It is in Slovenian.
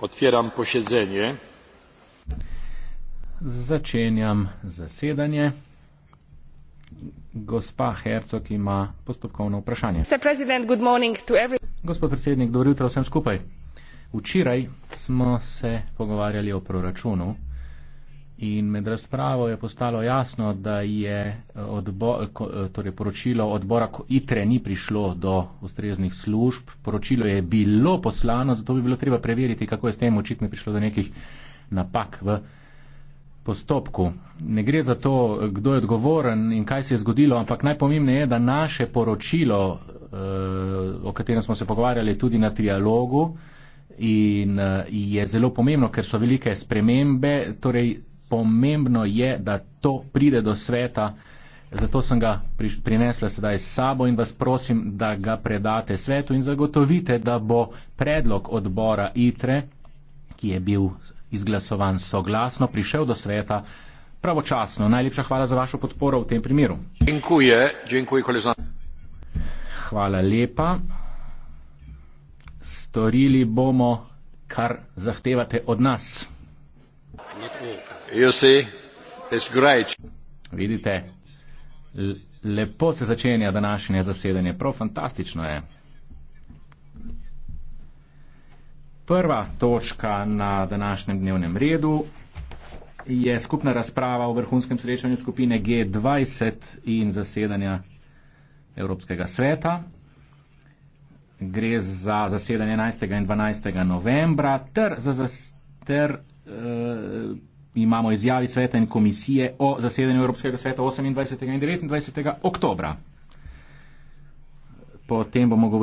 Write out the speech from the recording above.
Otvieram posiedzenie. Zaczynam zasiedanie. Gospa Herzog ima postopkovno vprašanje. Gospod predsednik, dobro jutro vsem skupaj. Včeraj smo se pogovarjali o proračunu In med razpravo je postalo jasno, da je eh, odbo, eh, torej poročilo odbora ITRE ni prišlo do ustreznih služb. Poročilo je bilo poslano, zato bi bilo treba preveriti, kako je s tem očitno prišlo do nekih napak v postopku. Ne gre za to, kdo je odgovoren in kaj se je zgodilo, ampak najpomembneje je, da naše poročilo, eh, o katerem smo se pogovarjali tudi na trialogu, In je zelo pomembno, ker so velike spremembe, torej pomembno je, da to pride do sveta. Zato sem ga prinesla sedaj s sabo in vas prosim, da ga predate svetu in zagotovite, da bo predlog odbora ITRE, ki je bil izglasovan soglasno, prišel do sveta pravočasno. Najlepša hvala za vašo podporo v tem primeru. Hvala lepa. Storili bomo, kar zahtevate od nas. Vidite, lepo se začenja današnje zasedanje, prav fantastično je. Prva točka na današnjem dnevnem redu je skupna razprava o vrhunskem srečanju skupine G20 in zasedanja Evropskega sveta. Gre za zasedanje 11. in 12. novembra ter za zasedanje uh, imamo izjavi sveta in komisije o zasedanju Evropskega sveta 28. in 29. oktobra. Potem bomo govorili.